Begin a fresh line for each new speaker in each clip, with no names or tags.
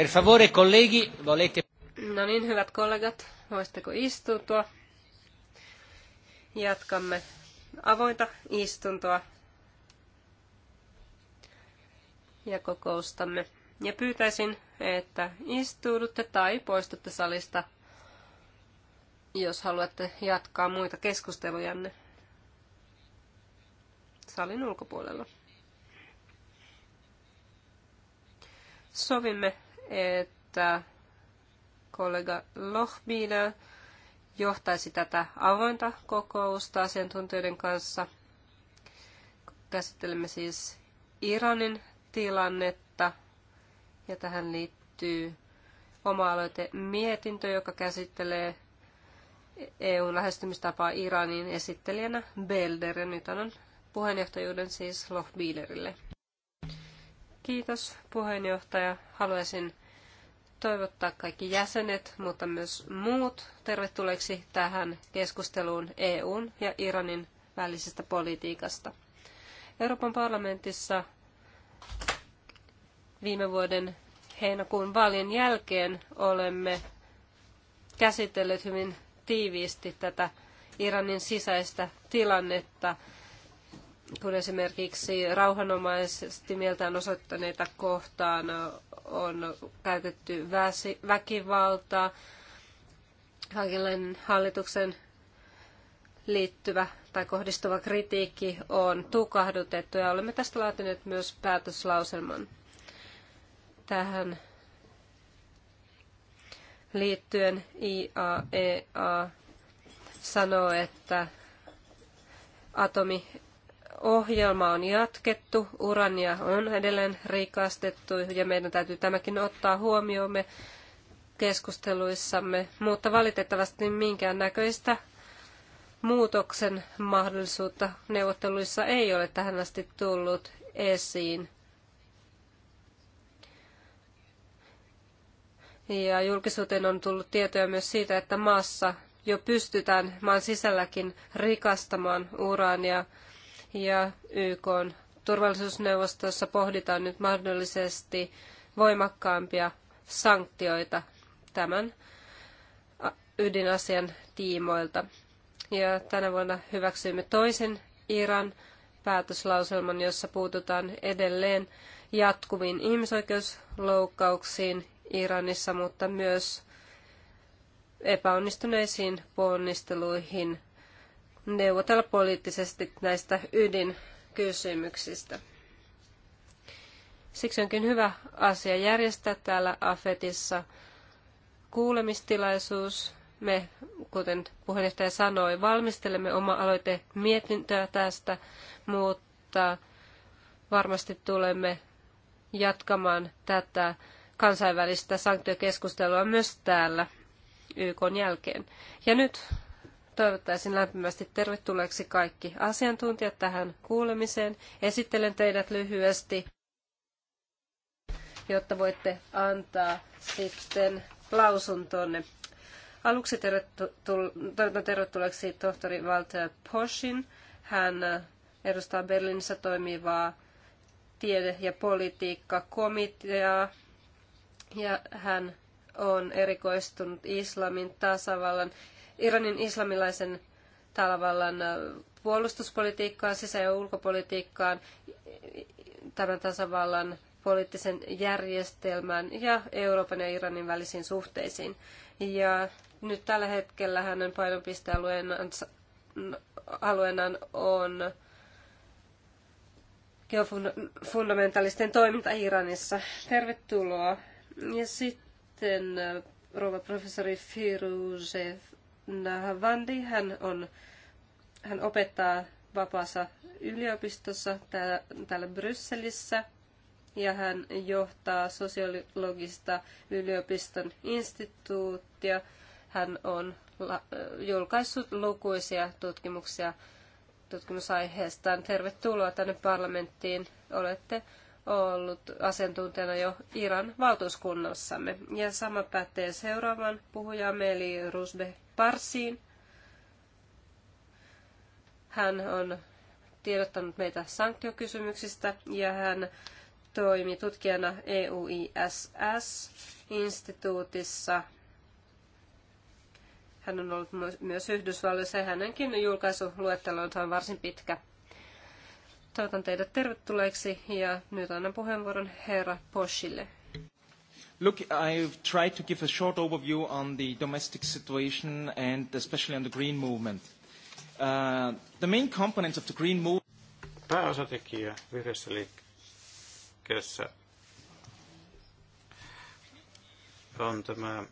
Per favore, colleghi, volete... No niin, hyvät kollegat, voisitteko istua? Jatkamme avointa istuntoa ja kokoustamme. Ja pyytäisin, että istuudutte tai poistutte salista, jos haluatte jatkaa muita keskustelujanne salin ulkopuolella. Sovimme että kollega Lohbina johtaisi tätä avointa kokousta asiantuntijoiden kanssa. Käsittelemme siis Iranin tilannetta ja tähän liittyy oma-aloite mietintö, joka käsittelee EUn lähestymistapaa Iranin esittelijänä Belder ja nyt annan puheenjohtajuuden siis Lohbiilerille. Kiitos puheenjohtaja. Haluaisin toivottaa kaikki jäsenet, mutta myös muut tervetulleeksi tähän keskusteluun EUn ja Iranin välisestä politiikasta. Euroopan parlamentissa viime vuoden heinäkuun vaalien jälkeen olemme käsitelleet hyvin tiiviisti tätä Iranin sisäistä tilannetta, kun esimerkiksi rauhanomaisesti mieltään osoittaneita kohtaan on käytetty väkivaltaa, kaikenlainen hallituksen liittyvä tai kohdistuva kritiikki on tukahdutettu ja olemme tästä laatineet myös päätöslauselman tähän liittyen IAEA e sanoo, että atomi ohjelma on jatkettu, urania on edelleen rikastettu ja meidän täytyy tämäkin ottaa me keskusteluissamme, mutta valitettavasti minkään näköistä muutoksen mahdollisuutta neuvotteluissa ei ole tähän asti tullut esiin. Ja julkisuuteen on tullut tietoja myös siitä, että maassa jo pystytään maan sisälläkin rikastamaan uraania ja YK turvallisuusneuvostossa pohditaan nyt mahdollisesti voimakkaampia sanktioita tämän ydinasian tiimoilta. Ja tänä vuonna hyväksyimme toisen Iran päätöslauselman, jossa puututaan edelleen jatkuviin ihmisoikeusloukkauksiin Iranissa, mutta myös epäonnistuneisiin ponnisteluihin neuvotella poliittisesti näistä ydinkysymyksistä. Siksi onkin hyvä asia järjestää täällä AFETissa kuulemistilaisuus. Me, kuten puheenjohtaja sanoi, valmistelemme oma aloite mietintöä tästä, mutta varmasti tulemme jatkamaan tätä kansainvälistä sanktiokeskustelua myös täällä YK jälkeen. Ja nyt toivottaisin lämpimästi tervetulleeksi kaikki asiantuntijat tähän kuulemiseen. Esittelen teidät lyhyesti, jotta voitte antaa sitten lausuntonne. Aluksi toivotan tervetulleeksi tohtori Walter Poschin. Hän edustaa Berliinissä toimivaa tiede- ja politiikkakomiteaa ja hän on erikoistunut islamin tasavallan Iranin islamilaisen talvallan puolustuspolitiikkaan, sisä- ja ulkopolitiikkaan, tämän tasavallan poliittisen järjestelmän ja Euroopan ja Iranin välisiin suhteisiin. Ja nyt tällä hetkellä hänen painopistealueenaan on geofundamentalisten toiminta Iranissa. Tervetuloa. Ja sitten rouva professori Firuze Nahavandi. Hän, on, hän opettaa vapaassa yliopistossa täällä, täällä Brysselissä ja hän johtaa sosiologista yliopiston instituuttia. Hän on julkaissut lukuisia tutkimuksia tutkimusaiheestaan. Tervetuloa tänne parlamenttiin. Olette ollut asiantuntijana jo Iran valtuuskunnassamme. Ja sama pätee seuraavan puhujaamme eli Rusbe parsiin. Hän on tiedottanut meitä sanktiokysymyksistä ja hän toimi tutkijana EUISS-instituutissa. Hän on ollut myös Yhdysvalloissa ja hänenkin julkaisuluettelonsa on varsin pitkä. Toivotan teidät tervetulleeksi ja nyt annan puheenvuoron herra Poshille.
Look, I've tried to give a short overview on the domestic situation and especially on the green movement. Uh, the main components of the green movement... Pääosatekijä vihreässä liikkeessä on tämä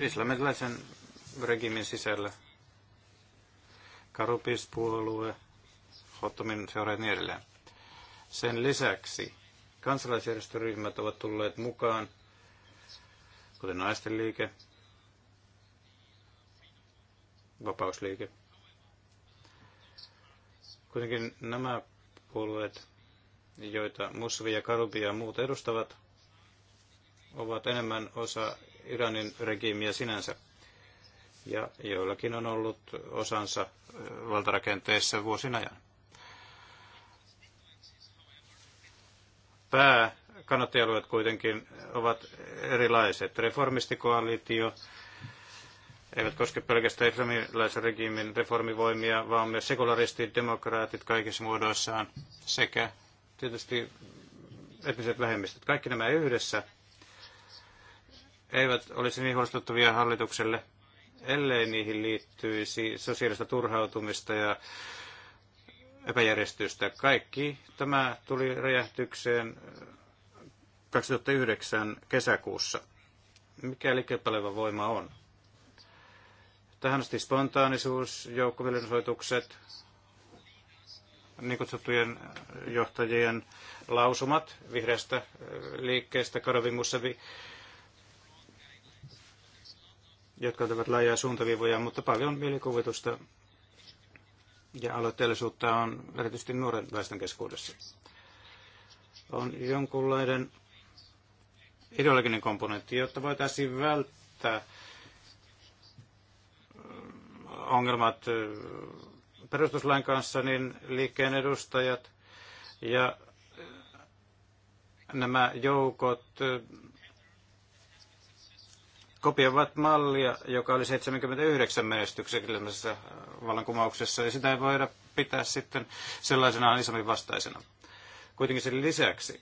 islamilaisen regiimin sisällä Karupis-puolue, Hotomin seura ja niin edelleen. Sen lisäksi kansalaisjärjestöryhmät ovat tulleet mukaan – kuten naisten liike, vapausliike. Kuitenkin nämä puolueet, joita Musvi ja Karubi ja muut edustavat, ovat enemmän osa Iranin regiimiä sinänsä. Ja joillakin on ollut osansa valtarakenteessa vuosina ajan. Pää kannattajalueet kuitenkin ovat erilaiset. Reformistikoalitio eivät koske pelkästään islamilaisen regiimin reformivoimia, vaan myös sekularistit, demokraatit kaikissa muodoissaan sekä tietysti etniset vähemmistöt. Kaikki nämä yhdessä eivät olisi niin huolestuttavia hallitukselle, ellei niihin liittyisi sosiaalista turhautumista ja epäjärjestystä. Kaikki tämä tuli räjähtykseen 2009 kesäkuussa. mikä kepaleva voima on? Tähän asti spontaanisuus, joukkoviljelmisoitukset, niin kutsuttujen johtajien lausumat vihreästä äh, liikkeestä Karavimussa, jotka ovat laajaa suuntaviivoja, mutta paljon mielikuvitusta ja aloitteellisuutta on erityisesti nuoren väestön keskuudessa. On jonkunlainen ideologinen komponentti, jotta voitaisiin välttää äh, ongelmat äh, perustuslain kanssa, niin liikkeen edustajat ja äh, nämä joukot kopioivat mallia, joka oli 79 menestyksellisessä vallankumouksessa, ja sitä ei voida pitää sitten sellaisena islamin vastaisena. Kuitenkin sen lisäksi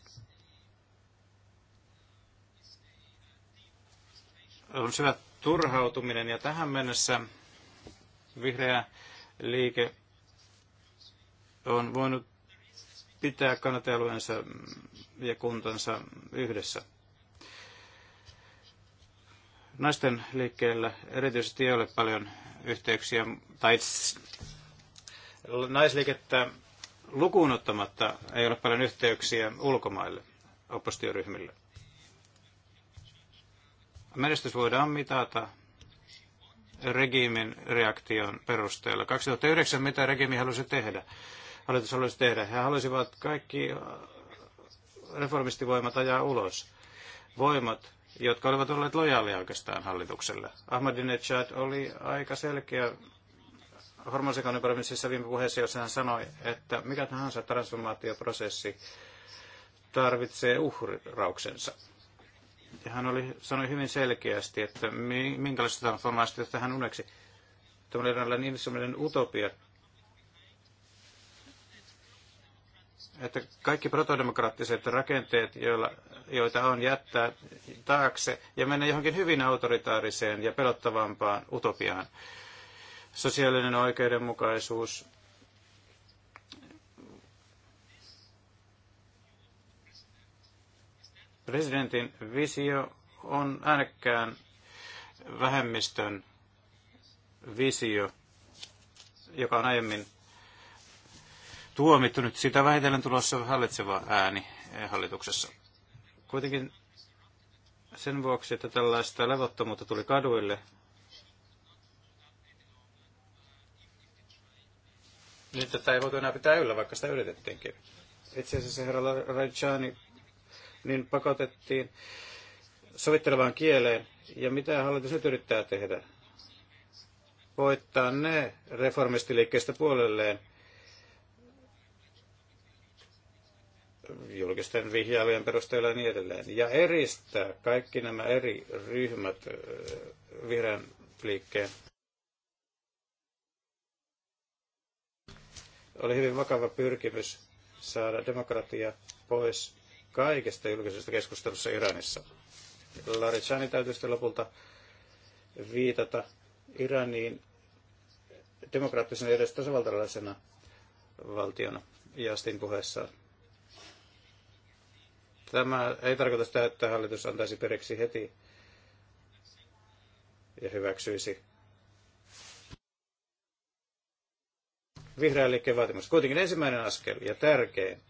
on syvä turhautuminen ja tähän mennessä vihreä liike on voinut pitää kannatajalueensa ja kuntansa yhdessä. Naisten liikkeellä erityisesti ei ole paljon yhteyksiä, tai naisliikettä lukuun ottamatta ei ole paljon yhteyksiä ulkomaille oppostiryhmille. Menestys voidaan mitata regiimin reaktion perusteella. 2009 mitä regiimi halusi tehdä? Hallitus halusi tehdä. He halusivat kaikki äh, reformistivoimat ajaa ulos. Voimat, jotka olivat olleet lojaaleja oikeastaan hallitukselle. Ahmadinejad oli aika selkeä hormonsekainen provinssissa viime puheessa, jossa hän sanoi, että mikä tahansa transformaatioprosessi tarvitsee uhrauksensa hän oli, sanoi hyvin selkeästi, että minkälaista transformaatiota hän uneksi. Tämä oli eräänlainen ihmisellinen utopia. Että kaikki protodemokraattiset rakenteet, joilla, joita on jättää taakse ja mennä johonkin hyvin autoritaariseen ja pelottavampaan utopiaan. Sosiaalinen oikeudenmukaisuus, Presidentin visio on äänekkään vähemmistön visio, joka on aiemmin tuomittu. Nyt sitä vähitellen tulossa hallitseva ääni eh, hallituksessa. Kuitenkin sen vuoksi, että tällaista levottomuutta tuli kaduille, niin tätä ei voitu enää pitää yllä, vaikka sitä yritettiinkin. Itse asiassa herra Rajani niin pakotettiin sovittelevaan kieleen. Ja mitä hallitus nyt yrittää tehdä? Voittaa ne reformistiliikkeestä puolelleen julkisten vihjailujen perusteella ja niin edelleen. Ja eristää kaikki nämä eri ryhmät vihreän liikkeen. Oli hyvin vakava pyrkimys saada demokratia pois kaikesta julkisesta keskustelussa Iranissa. Laritsani täytyy sitten lopulta viitata Iraniin demokraattisena ja edes tasavaltalaisena valtiona Jastin puheessaan. Tämä ei tarkoita sitä, että hallitus antaisi periksi heti ja hyväksyisi vihreän liikkeen vaatimus. Kuitenkin ensimmäinen askel ja tärkein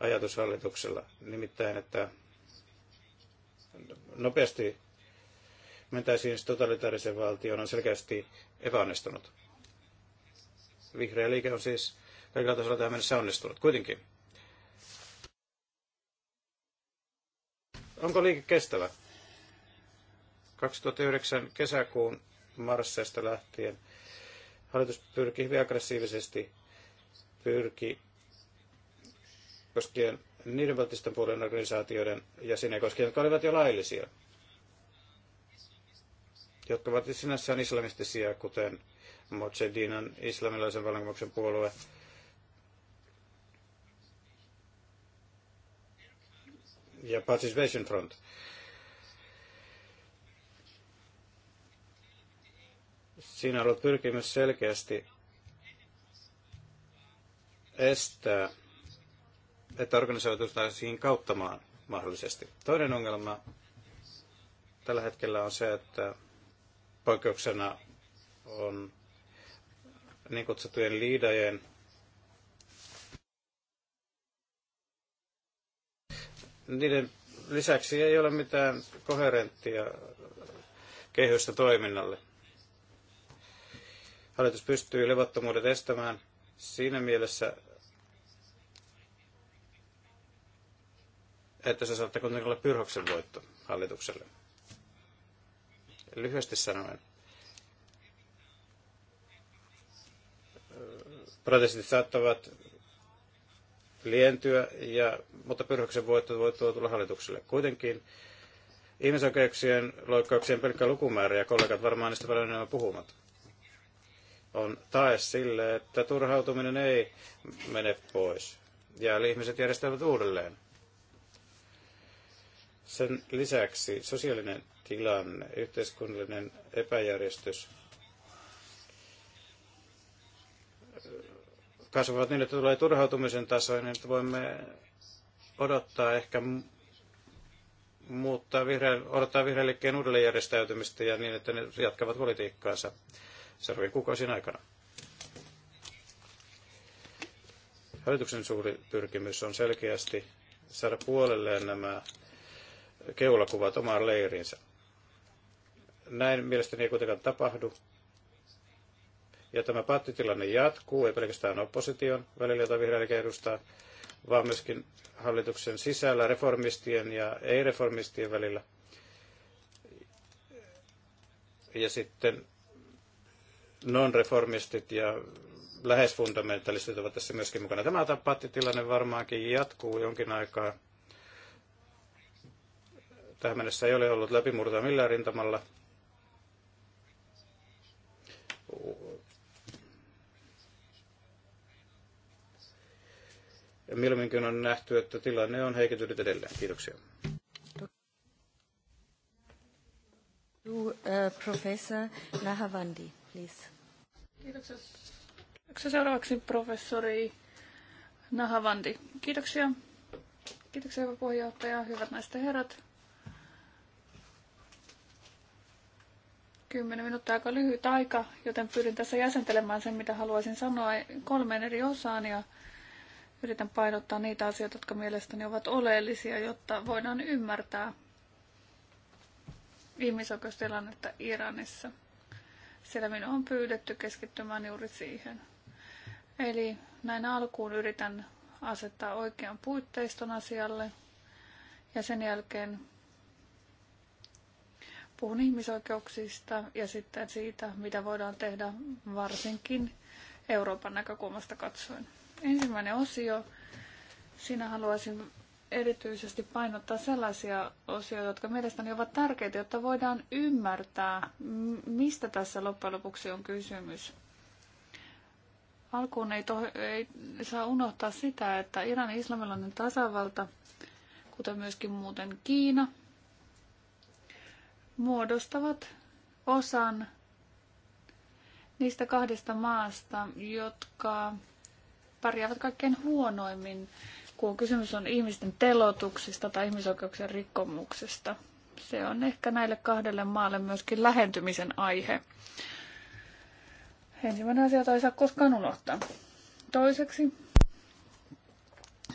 ajatus hallituksella, nimittäin, että nopeasti mentäisiin totalitaarisen valtioon on selkeästi epäonnistunut. Vihreä liike on siis kaikilla tasolla tähän mennessä onnistunut kuitenkin. Onko liike kestävä? 2009 kesäkuun marsseista lähtien hallitus pyrkii hyvin aggressiivisesti pyrki koskien niiden valtisten puolen organisaatioiden jäseniä koskien, jotka olivat jo laillisia, jotka ovat sinänsä islamistisia, kuten Mojedinan islamilaisen vallankumouksen puolue.
ja Participation
Front. Siinä on ollut pyrkimys selkeästi estää että organisoituisiin kautta maan mahdollisesti. Toinen ongelma tällä hetkellä on se, että poikkeuksena on niin kutsuttujen liidajien niiden lisäksi ei ole mitään koherenttia kehystä toiminnalle. Hallitus pystyy levottomuudet estämään siinä mielessä, että se saattaa kuitenkin olla pyrhoksen voitto hallitukselle. Lyhyesti sanoen, protestit saattavat lientyä, ja, mutta pyrhoksen voitto voi tulla hallitukselle. Kuitenkin ihmisoikeuksien loikkauksien pelkkä lukumäärä, ja kollegat varmaan niistä paljon enemmän puhumat on tae sille, että turhautuminen ei mene pois. Ja ihmiset järjestävät uudelleen sen lisäksi sosiaalinen tilanne, yhteiskunnallinen epäjärjestys äh, kasvavat niin, että tulee turhautumisen niin että voimme odottaa ehkä muuttaa vihreä, odottaa vihreän liikkeen uudelleenjärjestäytymistä ja niin, että ne jatkavat politiikkaansa seuraavien kuukausien aikana. Hallituksen suuri pyrkimys on selkeästi saada puolelleen nämä keulakuvat omaan leirinsä. Näin mielestäni ei kuitenkaan tapahdu. Ja tämä pattitilanne jatkuu, ei pelkästään opposition välillä, jota vihreä edustaa, vaan myöskin hallituksen sisällä reformistien ja ei-reformistien välillä. Ja sitten non-reformistit ja lähes fundamentalistit ovat tässä myöskin mukana. Tämä pattitilanne varmaankin jatkuu jonkin aikaa Tähän mennessä ei ole ollut läpimurtoa millään rintamalla. Milminkin on nähty, että tilanne on heikentynyt edelleen. Kiitoksia.
Uh, professor Nahavandi, please. Kiitoksia. Kiitoksia seuraavaksi professori Nahavandi. Kiitoksia. Kiitoksia hyvä puheenjohtaja, hyvät naiset ja herrat. Kymmenen minuuttia aika lyhyt aika, joten pyrin tässä jäsentelemään sen, mitä haluaisin sanoa kolmeen eri osaan ja yritän painottaa niitä asioita, jotka mielestäni ovat oleellisia, jotta voidaan ymmärtää ihmisoikeustilannetta Iranissa. Siellä minua on pyydetty keskittymään juuri siihen. Eli näin alkuun yritän asettaa oikean puitteiston asialle ja sen jälkeen Puhun ihmisoikeuksista ja sitten siitä, mitä voidaan tehdä varsinkin Euroopan näkökulmasta katsoen. Ensimmäinen osio. Siinä haluaisin erityisesti painottaa sellaisia osioita, jotka mielestäni ovat tärkeitä, jotta voidaan ymmärtää, mistä tässä loppujen lopuksi on kysymys. Alkuun ei, toh- ei saa unohtaa sitä, että Iranin islamilainen tasavalta, kuten myöskin muuten Kiina, muodostavat osan niistä kahdesta maasta, jotka pärjäävät kaikkein huonoimmin, kun kysymys on ihmisten telotuksista tai ihmisoikeuksien rikkomuksesta. Se on ehkä näille kahdelle maalle myöskin lähentymisen aihe. Ensimmäinen asia, jota ei saa koskaan unohtaa. Toiseksi,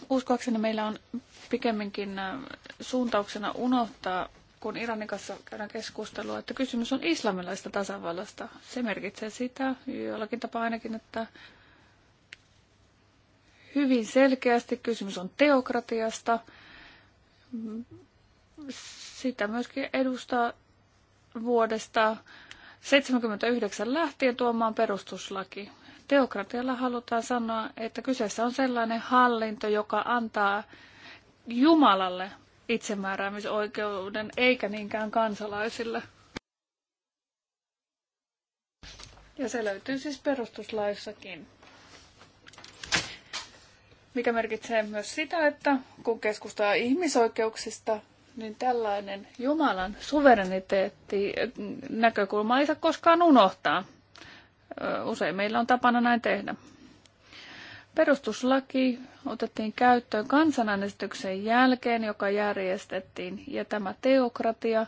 uskoakseni meillä on pikemminkin äh, suuntauksena unohtaa kun Iranin kanssa käydään keskustelua, että kysymys on islamilaista tasavallasta. Se merkitsee sitä jollakin tapaa ainakin, että hyvin selkeästi kysymys on teokratiasta. Sitä myöskin edustaa vuodesta 1979 lähtien tuomaan perustuslaki. Teokratialla halutaan sanoa, että kyseessä on sellainen hallinto, joka antaa Jumalalle itsemääräämisoikeuden eikä niinkään kansalaisille. Ja se löytyy siis perustuslaissakin. Mikä merkitsee myös sitä, että kun keskustellaan ihmisoikeuksista, niin tällainen Jumalan suvereniteetti äh, näkökulma ei saa koskaan unohtaa. Usein meillä on tapana näin tehdä. Perustuslaki otettiin käyttöön kansanäänestyksen jälkeen, joka järjestettiin, ja tämä teokratia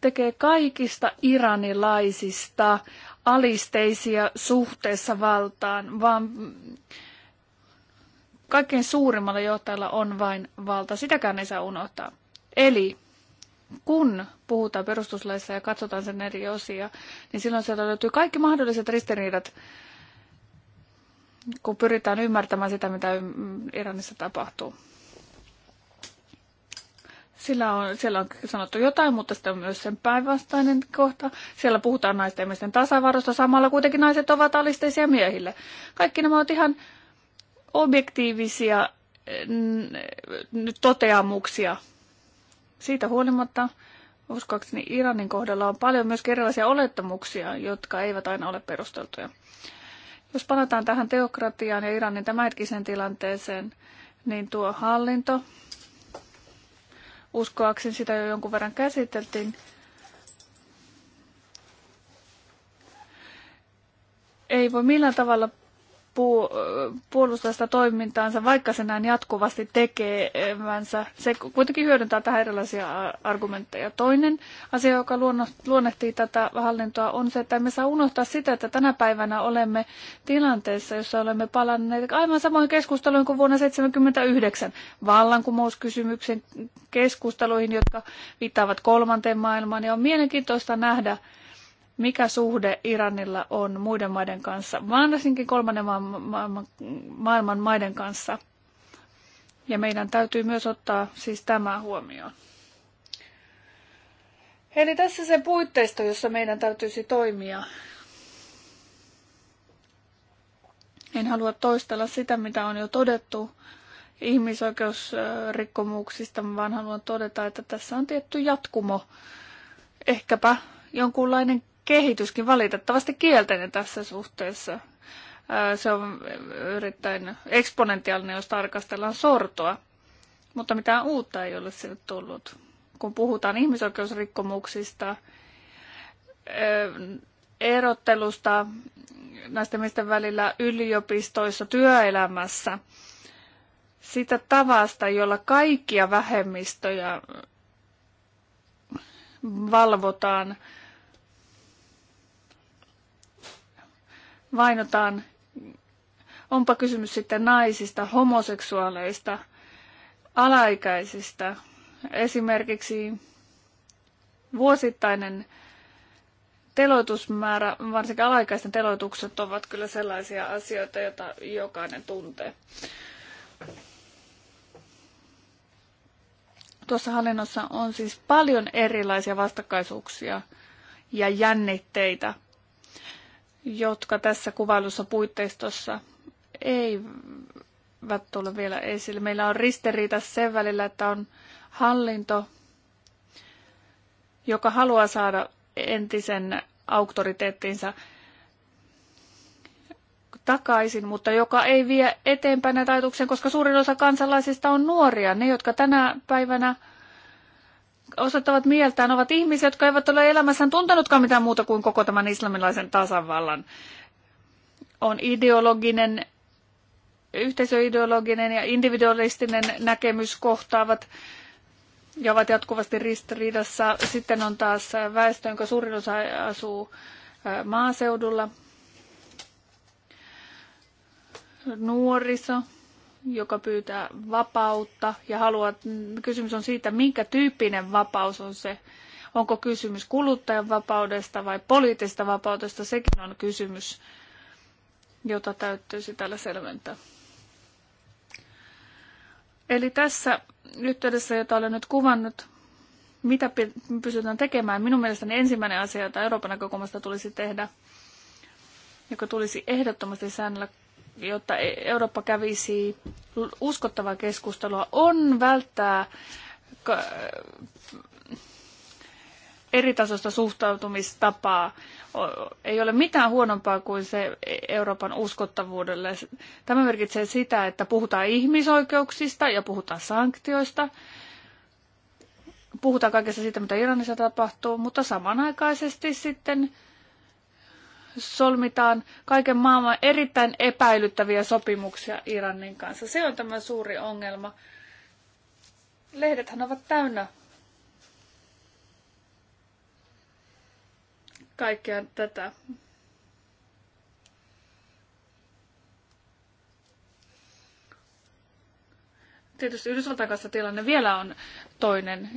tekee kaikista iranilaisista alisteisia suhteessa valtaan, vaan kaikkein suurimmalla johtajalla on vain valta. Sitäkään ei saa unohtaa. Eli kun puhutaan perustuslaissa ja katsotaan sen eri osia, niin silloin sieltä löytyy kaikki mahdolliset ristiriidat kun pyritään ymmärtämään sitä, mitä Iranissa tapahtuu. Sillä on, siellä on sanottu jotain, mutta sitten on myös sen päinvastainen kohta. Siellä puhutaan naisten ja miesten tasavarosta, samalla kuitenkin naiset ovat alisteisia miehille. Kaikki nämä ovat ihan objektiivisia eh, toteamuksia. Siitä huolimatta uskoakseni Iranin kohdalla on paljon myös erilaisia olettamuksia, jotka eivät aina ole perusteltuja. Jos palataan tähän teokratiaan ja Iranin tämänhetkiseen tilanteeseen, niin tuo hallinto, uskoakseni sitä jo jonkun verran käsiteltiin, ei voi millään tavalla puolustaa sitä toimintaansa, vaikka se näin jatkuvasti tekevänsä. Se kuitenkin hyödyntää tähän erilaisia argumentteja. Toinen asia, joka luonnehtii tätä hallintoa, on se, että emme saa unohtaa sitä, että tänä päivänä olemme tilanteessa, jossa olemme palanneet aivan samoin keskusteluihin kuin vuonna 1979 vallankumouskysymyksen keskusteluihin, jotka viittaavat kolmanteen maailmaan. Ja on mielenkiintoista nähdä, mikä suhde Iranilla on muiden maiden kanssa, varsinkin kolmannen maailman, maailman maiden kanssa. Ja meidän täytyy myös ottaa siis tämä huomioon. Eli tässä se puitteisto, jossa meidän täytyisi toimia. En halua toistella sitä, mitä on jo todettu ihmisoikeusrikkomuksista, vaan haluan todeta, että tässä on tietty jatkumo. Ehkäpä jonkunlainen kehityskin valitettavasti kielteinen tässä suhteessa. Se on erittäin eksponentiaalinen, jos tarkastellaan sortoa, mutta mitään uutta ei ole sinne tullut. Kun puhutaan ihmisoikeusrikkomuksista, erottelusta näistä miesten välillä yliopistoissa, työelämässä, sitä tavasta, jolla kaikkia vähemmistöjä valvotaan, vainotaan, onpa kysymys sitten naisista, homoseksuaaleista, alaikäisistä. Esimerkiksi vuosittainen teloitusmäärä, varsinkin alaikäisten teloitukset ovat kyllä sellaisia asioita, joita jokainen tuntee. Tuossa hallinnossa on siis paljon erilaisia vastakkaisuuksia ja jännitteitä jotka tässä kuvailussa puitteistossa eivät tule vielä esille. Meillä on ristiriita sen välillä, että on hallinto, joka haluaa saada entisen auktoriteettinsa takaisin, mutta joka ei vie eteenpäin näitä ajatuksia, koska suurin osa kansalaisista on nuoria. Ne, jotka tänä päivänä osoittavat mieltään ovat ihmisiä, jotka eivät ole elämässään tuntenutkaan mitään muuta kuin koko tämän islamilaisen tasavallan. On ideologinen, yhteisöideologinen ja individualistinen näkemys kohtaavat ja ovat jatkuvasti ristiriidassa. Sitten on taas väestö, jonka suurin osa asuu maaseudulla. Nuoriso, joka pyytää vapautta ja haluaa, kysymys on siitä, minkä tyyppinen vapaus on se. Onko kysymys kuluttajan vapaudesta vai poliittisesta vapaudesta, sekin on kysymys, jota täytyisi tällä selventää. Eli tässä yhteydessä, jota olen nyt kuvannut, mitä pystytään tekemään, minun mielestäni ensimmäinen asia, jota Euroopan näkökulmasta tulisi tehdä, joka tulisi ehdottomasti säännellä jotta e- Eurooppa kävisi uskottavaa keskustelua, on välttää eri tasosta suhtautumistapaa. Ei ole mitään huonompaa kuin se e- Euroopan uskottavuudelle. Tämä merkitsee sitä, että puhutaan ihmisoikeuksista ja puhutaan sanktioista. Puhutaan kaikesta siitä, mitä Iranissa tapahtuu, mutta samanaikaisesti sitten solmitaan kaiken maailman erittäin epäilyttäviä sopimuksia Iranin kanssa. Se on tämä suuri ongelma. Lehdethän ovat täynnä kaikkea tätä. tietysti Yhdysvaltain kanssa tilanne vielä on toinen.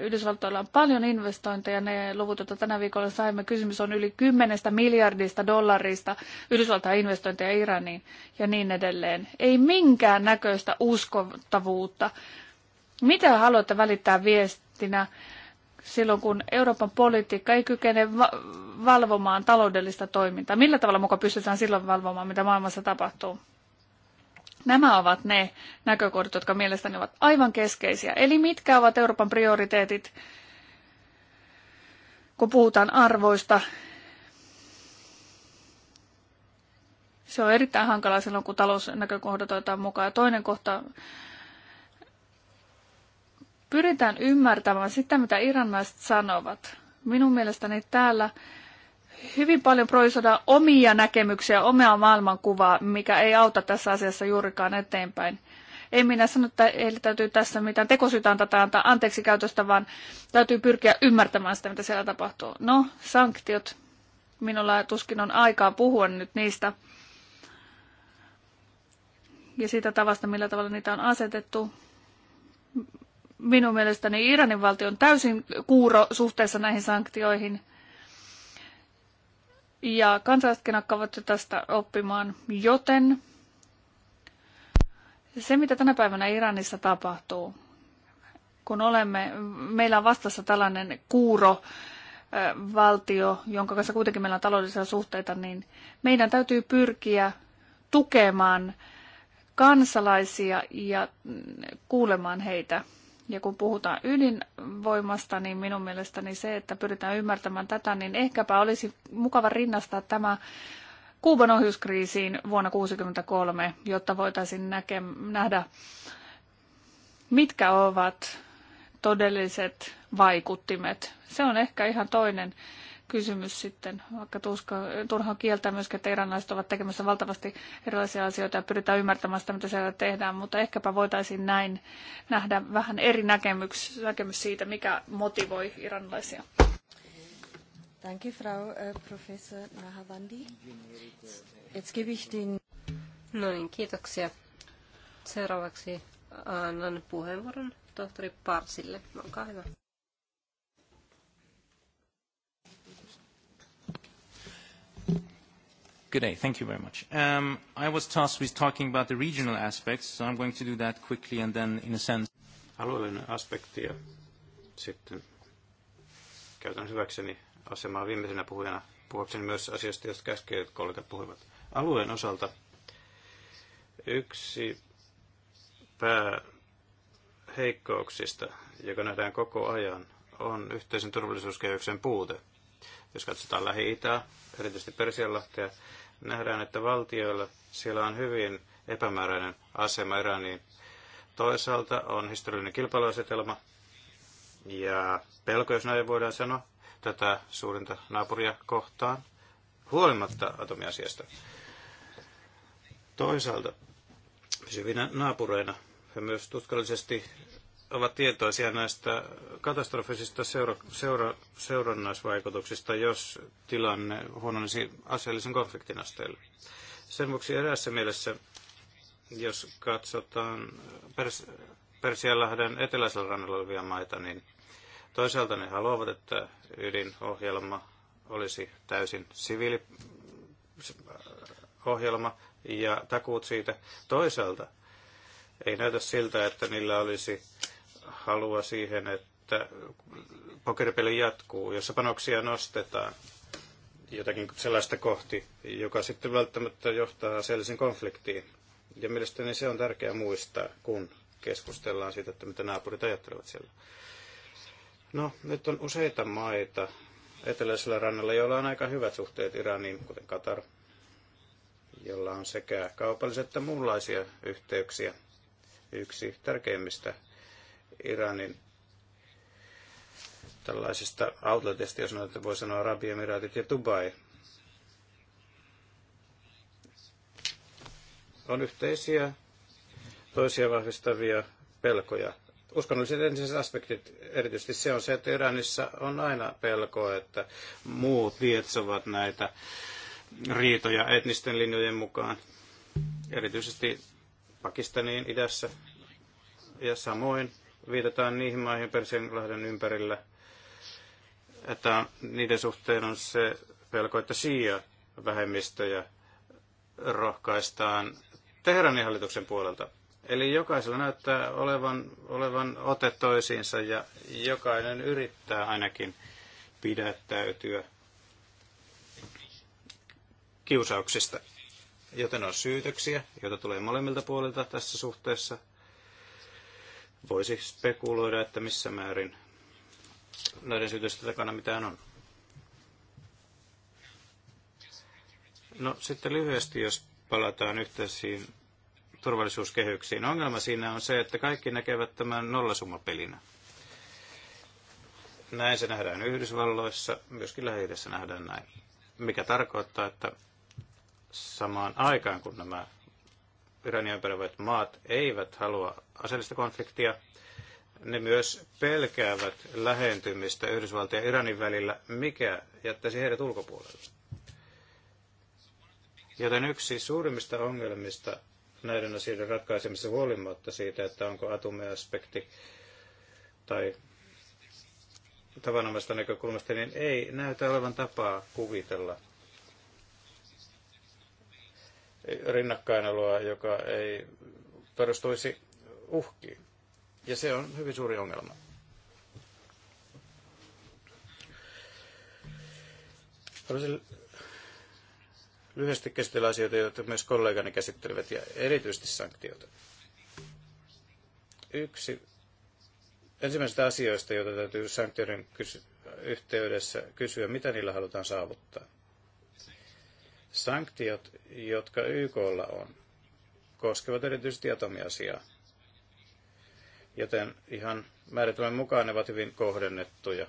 Yhdysvaltoilla on paljon investointeja. Ne luvut, joita tänä viikolla saimme, kysymys on yli 10 miljardista dollarista Yhdysvaltain investointeja Iraniin ja niin edelleen. Ei minkään näköistä uskottavuutta. Mitä haluatte välittää viestinä silloin, kun Euroopan politiikka ei kykene valvomaan taloudellista toimintaa? Millä tavalla muka pystytään silloin valvomaan, mitä maailmassa tapahtuu? Nämä ovat ne näkökohdat, jotka mielestäni ovat aivan keskeisiä. Eli mitkä ovat Euroopan prioriteetit, kun puhutaan arvoista? Se on erittäin hankalaa silloin, kun talousnäkökohdat otetaan mukaan. Ja toinen kohta, pyritään ymmärtämään sitä, mitä iranilaiset sanovat. Minun mielestäni täällä hyvin paljon projisoidaan omia näkemyksiä, omaa maailmankuvaa, mikä ei auta tässä asiassa juurikaan eteenpäin. En minä sano, että heille täytyy tässä mitään tekosyytä antaa, antaa anteeksi käytöstä, vaan täytyy pyrkiä ymmärtämään sitä, mitä siellä tapahtuu. No, sanktiot. Minulla tuskin on aikaa puhua nyt niistä ja siitä tavasta, millä tavalla niitä on asetettu. Minun mielestäni Iranin valtio on täysin kuuro suhteessa näihin sanktioihin – ja kansalaisetkin alkavat jo tästä oppimaan, joten se, mitä tänä päivänä Iranissa tapahtuu, kun olemme, meillä on vastassa tällainen kuuro, valtio, jonka kanssa kuitenkin meillä on taloudellisia suhteita, niin meidän täytyy pyrkiä tukemaan kansalaisia ja kuulemaan heitä. Ja kun puhutaan ydinvoimasta, niin minun mielestäni se, että pyritään ymmärtämään tätä, niin ehkäpä olisi mukava rinnastaa tämä Kuuban ohjuskriisiin vuonna 1963, jotta voitaisiin näke- nähdä, mitkä ovat todelliset vaikuttimet. Se on ehkä ihan toinen kysymys sitten, vaikka tuska, turhaa kieltää myöskään, että iranilaiset ovat tekemässä valtavasti erilaisia asioita ja pyritään ymmärtämään sitä, mitä siellä tehdään, mutta ehkäpä voitaisiin näin nähdä vähän eri näkemys, näkemys siitä, mikä motivoi iranilaisia.
Danke, Frau eh, Professor Nahavandi. Jetzt gebe ich den... No niin, kiitoksia. Seuraavaksi annan puheenvuoron tohtori Parsille. Olkaa hyvä.
Good day. Thank you very much. Um, I was tasked with talking about the regional aspects, so I'm going to do that quickly and then in a sense. Alueellinen aspekti ja sitten käytän hyväkseni asemaa viimeisenä puhujana puhuakseni myös asiasta, josta käskeet kollegat puhuivat. Alueen osalta yksi pääheikkouksista, joka nähdään koko ajan, on yhteisen turvallisuuskehyksen puute – jos katsotaan lähi erityisesti Persianlahtea, nähdään, että valtioilla siellä on hyvin epämääräinen asema Iraniin. Toisaalta on historiallinen kilpailuasetelma ja pelko, jos näin voidaan sanoa, tätä suurinta naapuria kohtaan, huolimatta atomiasiasta. Toisaalta pysyvinä naapureina he myös tutkallisesti ovat tietoisia näistä katastrofisista seura, seura, seurannaisvaikutuksista, jos tilanne huononisi aseellisen konfliktin asteelle. Sen vuoksi eräässä mielessä, jos katsotaan Pers- Persianlahden eteläisellä rannalla olevia maita, niin toisaalta ne haluavat, että ydinohjelma olisi täysin siviiliohjelma ja takuut siitä. Toisaalta ei näytä siltä, että niillä olisi halua siihen, että pokeripeli jatkuu, jossa panoksia nostetaan jotakin sellaista kohti, joka sitten välttämättä johtaa aseellisiin konfliktiin. Ja mielestäni se on tärkeää muistaa, kun keskustellaan siitä, että mitä naapurit ajattelevat siellä. No, nyt on useita maita eteläisellä rannalla, joilla on aika hyvät suhteet Iraniin, kuten Katar, jolla on sekä kaupallisia että muunlaisia yhteyksiä. Yksi tärkeimmistä Iranin tällaisista outletista, jos noita voi sanoa Arabiemiraatit ja Dubai. On yhteisiä toisia vahvistavia pelkoja. Uskonnolliset entiset aspektit, erityisesti se on se, että Iranissa on aina pelko, että muut lietsovat näitä riitoja etnisten linjojen mukaan, erityisesti Pakistaniin idässä ja samoin viitataan niihin maihin Persianlahden ympärillä, että niiden suhteen on se pelko, että siia vähemmistöjä rohkaistaan Teheranin hallituksen puolelta. Eli jokaisella näyttää olevan, olevan ote toisiinsa ja jokainen yrittää ainakin pidättäytyä kiusauksista. Joten on syytöksiä, joita tulee molemmilta puolilta tässä suhteessa – Voisi spekuloida, että missä määrin näiden syytösten takana mitään on. No sitten lyhyesti, jos palataan yhteisiin turvallisuuskehyksiin. Ongelma siinä on se, että kaikki näkevät tämän nollasummapelinä. Näin se nähdään Yhdysvalloissa, myöskin lähi nähdään näin. Mikä tarkoittaa, että samaan aikaan kun nämä Irania ympäröivät maat eivät halua aseellista konfliktia. Ne myös pelkäävät lähentymistä Yhdysvaltojen ja Iranin välillä, mikä jättäisi heidät ulkopuolelle. Joten yksi suurimmista ongelmista näiden asioiden ratkaisemisessa huolimatta siitä, että onko atomiaspekti tai tavanomaisesta näkökulmasta, niin ei näytä olevan tapaa kuvitella rinnakkainaloa, joka ei perustuisi uhkiin. Ja se on hyvin suuri ongelma. Haluaisin lyhyesti käsitellä asioita, joita myös kollegani käsittelevät, ja erityisesti sanktioita. Yksi ensimmäisistä asioista, joita täytyy sanktioiden kysy- yhteydessä kysyä, mitä niillä halutaan saavuttaa. Sanktiot, jotka YKlla on, koskevat erityisesti atomiasiaa. Joten ihan määritelmän mukaan ne ovat hyvin kohdennettuja,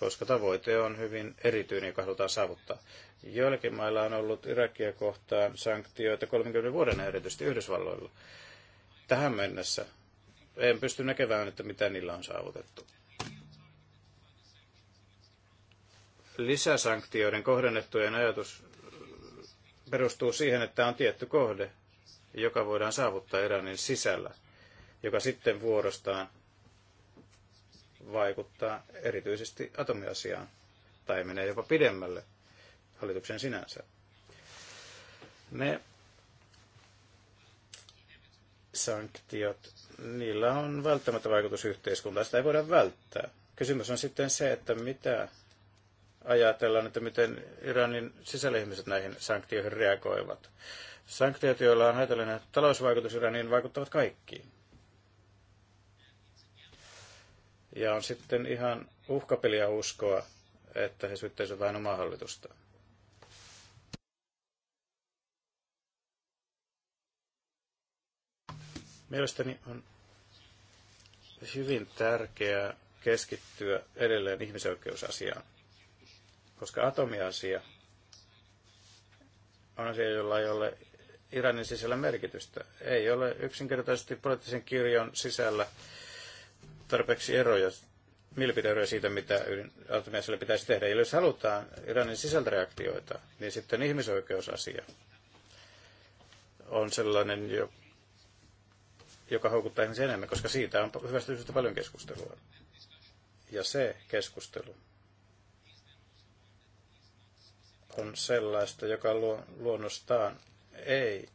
koska tavoite on hyvin erityinen, joka halutaan saavuttaa. Joillakin mailla on ollut Irakia kohtaan sanktioita 30 vuoden erityisesti Yhdysvalloilla. Tähän mennessä en pysty näkemään, että mitä niillä on saavutettu. lisäsanktioiden kohdennettujen ajatus perustuu siihen, että on tietty kohde, joka voidaan saavuttaa Iranin sisällä, joka sitten vuorostaan vaikuttaa erityisesti atomiasiaan tai menee jopa pidemmälle hallituksen sinänsä. Ne sanktiot, niillä on välttämättä vaikutus yhteiskuntaan, sitä ei voida välttää. Kysymys on sitten se, että mitä ajatellaan, että miten Iranin sisäihmiset näihin sanktioihin reagoivat. Sanktiot, joilla on haitallinen talousvaikutus Iraniin, vaikuttavat kaikkiin. Ja on sitten ihan uhkapeliä uskoa, että he syyttäisivät vain omaa hallitustaan. Mielestäni on hyvin tärkeää keskittyä edelleen ihmisoikeusasiaan koska atomiasia on asia, jolla ei ole Iranin sisällä merkitystä. Ei ole yksinkertaisesti poliittisen kirjon sisällä tarpeeksi eroja, mielipiteeroja siitä, mitä atomiasialle pitäisi tehdä. Eli jos halutaan Iranin sisältä reaktioita, niin sitten ihmisoikeusasia on sellainen, joka houkuttaa ihmisiä enemmän, koska siitä on hyvästä syystä paljon keskustelua. Ja se keskustelu kuin sellaista, joka luonnostaan ei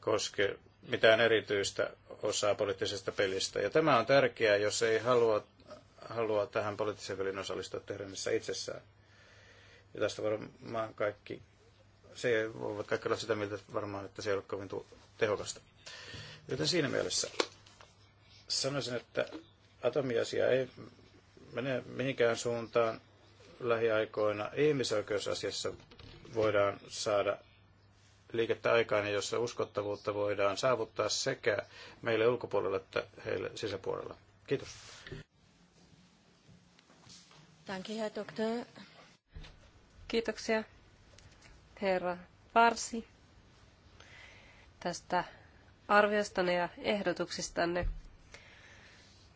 koske mitään erityistä osaa poliittisesta pelistä. Ja tämä on tärkeää, jos ei halua, halua tähän poliittisen pelin osallistua Teheranissä itsessään. Ja tästä varmaan kaikki, se voivat kaikki olla sitä mieltä varmaan, että se ei ole kovin tehokasta. Joten siinä mielessä sanoisin, että atomiasia ei mene mihinkään suuntaan lähiaikoina ihmisoikeusasiassa voidaan saada liikettä aikaan, jossa uskottavuutta voidaan saavuttaa sekä meille ulkopuolella että heille sisäpuolella. Kiitos.
Danke, Herr Doktor. Kiitoksia, herra Varsi, tästä arviostanne ja ehdotuksistanne.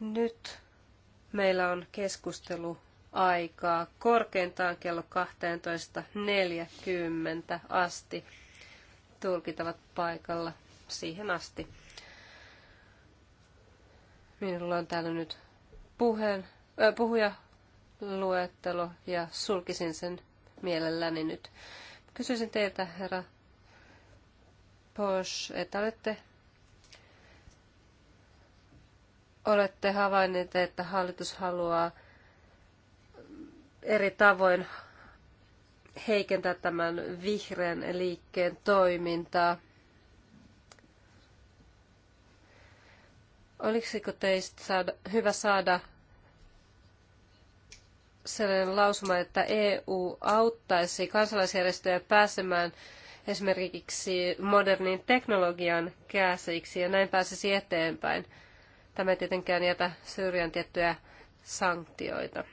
Nyt meillä on keskustelu aikaa korkeintaan kello 12.40 asti. Tulkit ovat paikalla siihen asti. Minulla on täällä nyt puheen, äh, puhujaluettelo ja sulkisin sen mielelläni nyt. Kysyisin teiltä, herra Posh, että olette olette havainneet, että hallitus haluaa eri tavoin heikentää tämän vihreän liikkeen toimintaa. Oliko teistä saada, hyvä saada sellainen lausuma, että EU auttaisi kansalaisjärjestöjä pääsemään esimerkiksi modernin teknologian käsiksi ja näin pääsisi eteenpäin. Tämä ei tietenkään jätä syrjään tiettyjä sanktioita.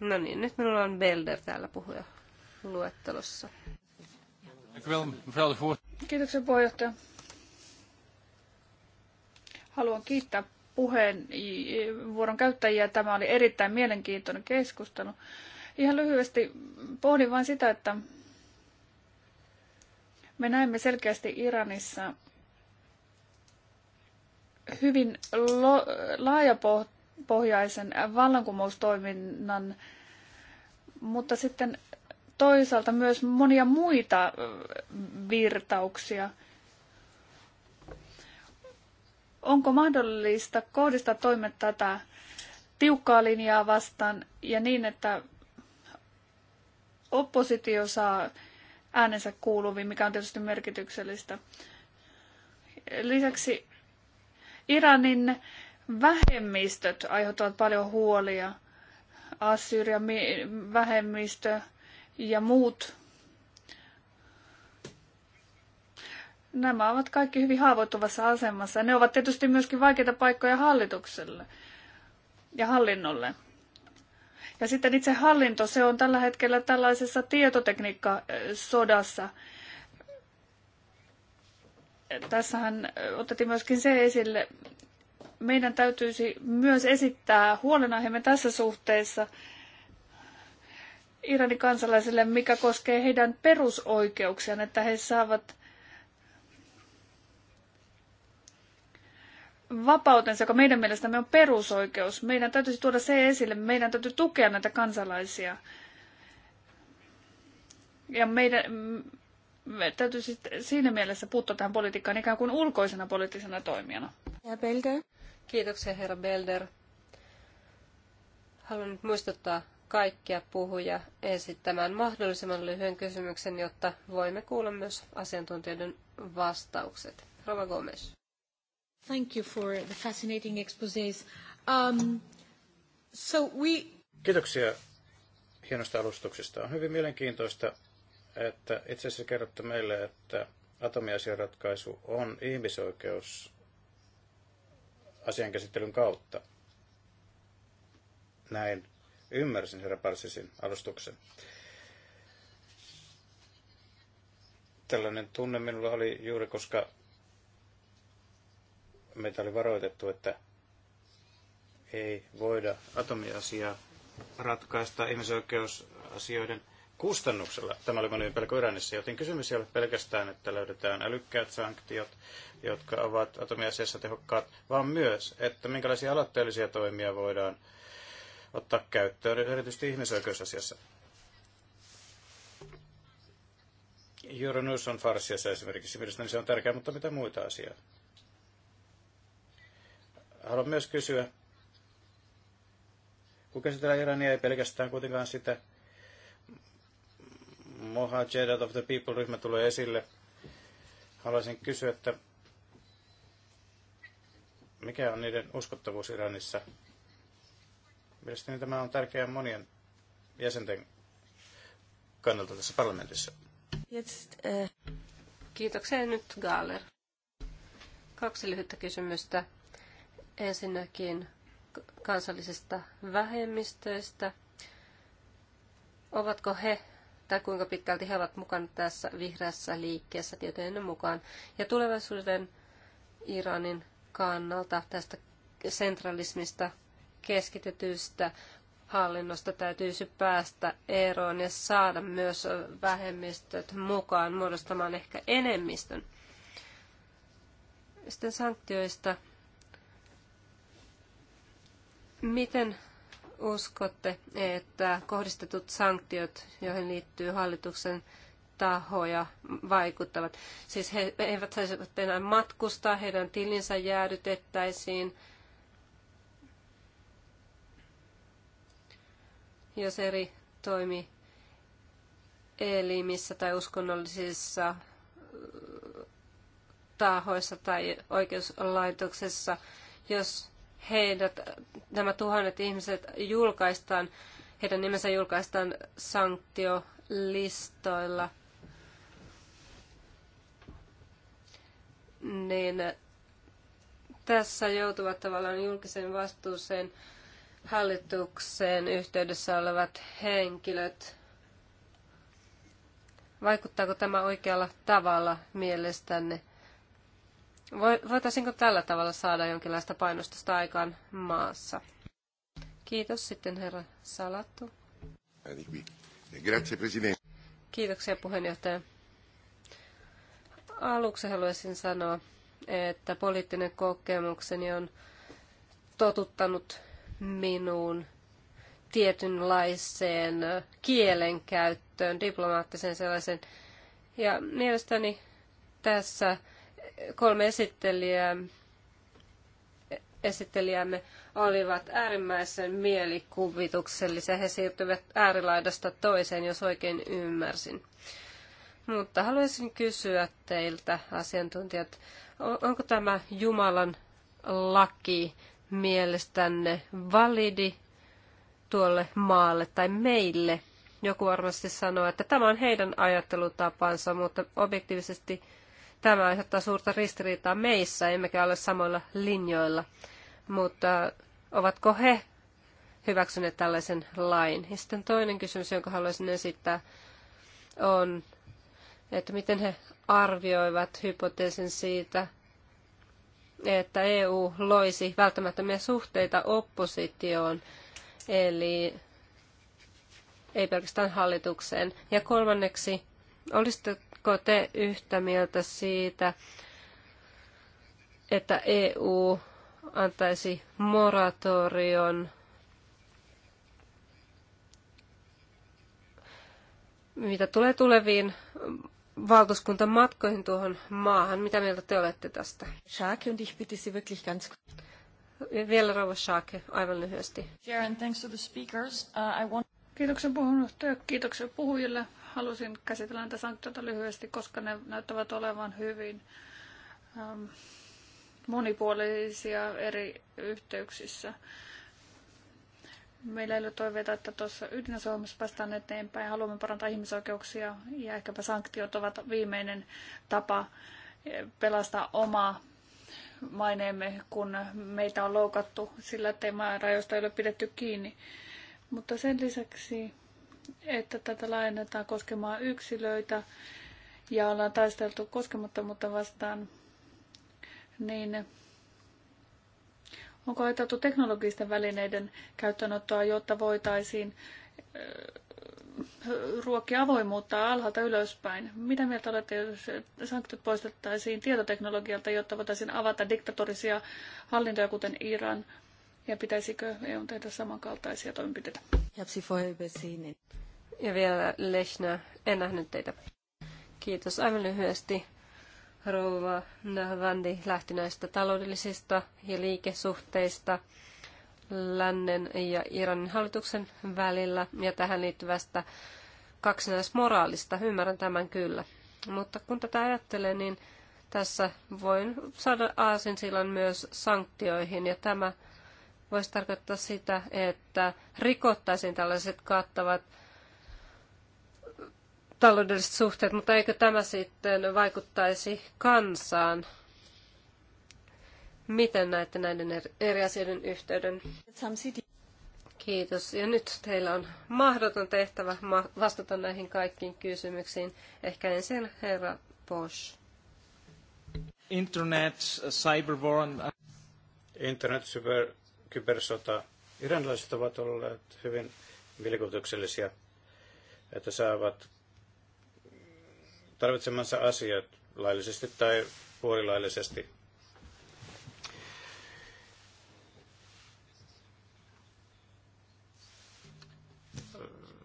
No niin, nyt minulla on Belder täällä puhuja luettelossa. Kiitoksia puheenjohtaja.
Haluan kiittää puheenvuoron käyttäjiä. Tämä oli erittäin mielenkiintoinen keskustelu. Ihan lyhyesti pohdin vain sitä, että me näemme selkeästi Iranissa hyvin lo- laajapohjaisen pohjaisen vallankumoustoiminnan, mutta sitten toisaalta myös monia muita virtauksia. Onko mahdollista kohdistaa toimet tätä tiukkaa linjaa vastaan ja niin, että oppositio saa äänensä kuuluviin, mikä on tietysti merkityksellistä. Lisäksi Iranin vähemmistöt aiheuttavat paljon huolia. Assyrian vähemmistö ja muut. Nämä ovat kaikki hyvin haavoittuvassa asemassa. Ne ovat tietysti myöskin vaikeita paikkoja hallitukselle ja hallinnolle. Ja sitten itse hallinto, se on tällä hetkellä tällaisessa tietotekniikkasodassa. Tässähän otettiin myöskin se esille, meidän täytyisi myös esittää huolenaiheemme tässä suhteessa Iranin kansalaisille, mikä koskee heidän perusoikeuksiaan, että he saavat vapautensa, joka meidän mielestämme on perusoikeus. Meidän täytyisi tuoda se esille, meidän täytyy tukea näitä kansalaisia. Ja meidän mm, me täytyisi siinä mielessä puuttua tähän politiikkaan ikään kuin ulkoisena poliittisena toimijana.
Ja Kiitoksia herra Belder. Haluan nyt muistuttaa kaikkia puhuja esittämään mahdollisimman lyhyen kysymyksen, jotta voimme kuulla myös asiantuntijoiden vastaukset. Rova Gomes. Thank you for the fascinating exposés. Um, so we...
Kiitoksia hienosta alustuksesta. On hyvin mielenkiintoista, että itse asiassa kerrotte meille, että atomiasian ratkaisu on ihmisoikeus käsittelyn kautta. Näin ymmärsin herra Parsisin alustuksen. Tällainen tunne minulla oli juuri, koska meitä oli varoitettu, että ei voida atomiasiaa ratkaista ihmisoikeusasioiden – kustannuksella. Tämä oli monin pelko Iranissa, joten kysymys ei ole pelkästään, että löydetään älykkäät sanktiot, jotka ovat atomiasiassa tehokkaat, vaan myös, että minkälaisia aloitteellisia toimia voidaan ottaa käyttöön, erityisesti ihmisoikeusasiassa. Euronews on farsiassa esimerkiksi, mielestäni se on tärkeää, mutta mitä muita asiaa? Haluan myös kysyä, kun käsitellään Irania ei pelkästään kuitenkaan sitä, Mohajedat of the People-ryhmä tulee esille. Haluaisin kysyä, että mikä on niiden uskottavuus Iranissa? Mielestäni tämä on tärkeää monien jäsenten kannalta tässä parlamentissa.
Eh. Kiitoksia nyt Gaaler. Kaksi lyhyttä kysymystä. Ensinnäkin kansallisista vähemmistöistä. Ovatko he tai kuinka pitkälti he ovat mukana tässä vihreässä liikkeessä tietojen mukaan. Ja tulevaisuuden Iranin kannalta tästä sentralismista keskitetystä hallinnosta täytyisi päästä eroon ja saada myös vähemmistöt mukaan muodostamaan ehkä enemmistön. Sitten sanktioista. Miten uskotte, että kohdistetut sanktiot, joihin liittyy hallituksen tahoja, vaikuttavat? Siis he eivät saisi enää matkustaa, heidän tilinsä jäädytettäisiin. Jos eri toimi elimissä tai uskonnollisissa tahoissa tai oikeuslaitoksessa, jos heidät, nämä tuhannet ihmiset julkaistaan, heidän nimensä julkaistaan sanktiolistoilla, niin tässä joutuvat tavallaan julkisen vastuuseen hallitukseen yhteydessä olevat henkilöt. Vaikuttaako tämä oikealla tavalla mielestänne? Voitaisinko tällä tavalla saada jonkinlaista painostusta aikaan maassa? Kiitos sitten herra Salattu. Kiitoksia puheenjohtaja. Aluksi haluaisin sanoa, että poliittinen kokemukseni on totuttanut minuun tietynlaiseen kielenkäyttöön, diplomaattiseen sellaisen. Ja mielestäni tässä kolme esittelijää, esittelijämme olivat äärimmäisen mielikuvituksellisia. He siirtyivät äärilaidasta toiseen, jos oikein ymmärsin. Mutta haluaisin kysyä teiltä, asiantuntijat, onko tämä Jumalan laki mielestänne validi tuolle maalle tai meille? Joku varmasti sanoo, että tämä on heidän ajattelutapansa, mutta objektiivisesti Tämä aiheuttaa suurta ristiriitaa meissä, emmekä ole samoilla linjoilla. Mutta äh, ovatko he hyväksyneet tällaisen lain? Ja sitten toinen kysymys, jonka haluaisin esittää, on, että miten he arvioivat hypoteesin siitä, että EU loisi välttämättömiä suhteita oppositioon, eli ei pelkästään hallitukseen. Ja kolmanneksi, olisitteko Oletteko te yhtä mieltä siitä, että EU antaisi moratorion mitä tulee tuleviin valtuuskuntamatkoihin tuohon maahan. Mitä mieltä te olette tästä? Schake und ich bitte Sie wirklich ganz Vielä rouva Schake, aivan lyhyesti.
Sharon, thanks to the speakers. Uh, I want... Kiitoksen puhunut, kiitoksen puhujille. Halusin käsitellä näitä sanktioita lyhyesti, koska ne näyttävät olevan hyvin ähm, monipuolisia eri yhteyksissä. Meillä ei ole toiveita, että tuossa ydinasohjelmassa päästään eteenpäin. Haluamme parantaa ihmisoikeuksia ja ehkäpä sanktiot ovat viimeinen tapa eh, pelastaa omaa maineemme, kun meitä on loukattu sillä, että rajoista ei ole pidetty kiinni. Mutta sen lisäksi että tätä laajennetaan koskemaan yksilöitä ja ollaan taisteltu koskemattomuutta vastaan, niin onko ajateltu teknologisten välineiden käyttöönottoa, jotta voitaisiin ruokkia avoimuutta alhaalta ylöspäin. Mitä mieltä olette, jos sanktiot poistettaisiin tietoteknologialta, jotta voitaisiin avata diktatorisia hallintoja, kuten Iran, ja pitäisikö EU tehdä samankaltaisia toimenpiteitä?
Ja vielä Lechner, en nähnyt teitä. Kiitos aivan lyhyesti. Rouva Nahvandi lähti näistä taloudellisista ja liikesuhteista lännen ja Iranin hallituksen välillä ja tähän liittyvästä kaksinaismoraalista. Ymmärrän tämän kyllä. Mutta kun tätä ajattelee, niin tässä voin saada aasin silloin myös sanktioihin ja tämä voisi tarkoittaa sitä, että rikottaisiin tällaiset kattavat taloudelliset suhteet, mutta eikö tämä sitten vaikuttaisi kansaan? Miten näette näiden eri asioiden yhteyden? Kiitos. Ja nyt teillä on mahdoton tehtävä vastata näihin kaikkiin kysymyksiin. Ehkä ensin herra Bosch.
Internet, cyber war and... Internet, cyber kybersota. Iranilaiset ovat olleet hyvin vilkutuksellisia, että saavat tarvitsemansa asiat laillisesti tai puolilaillisesti.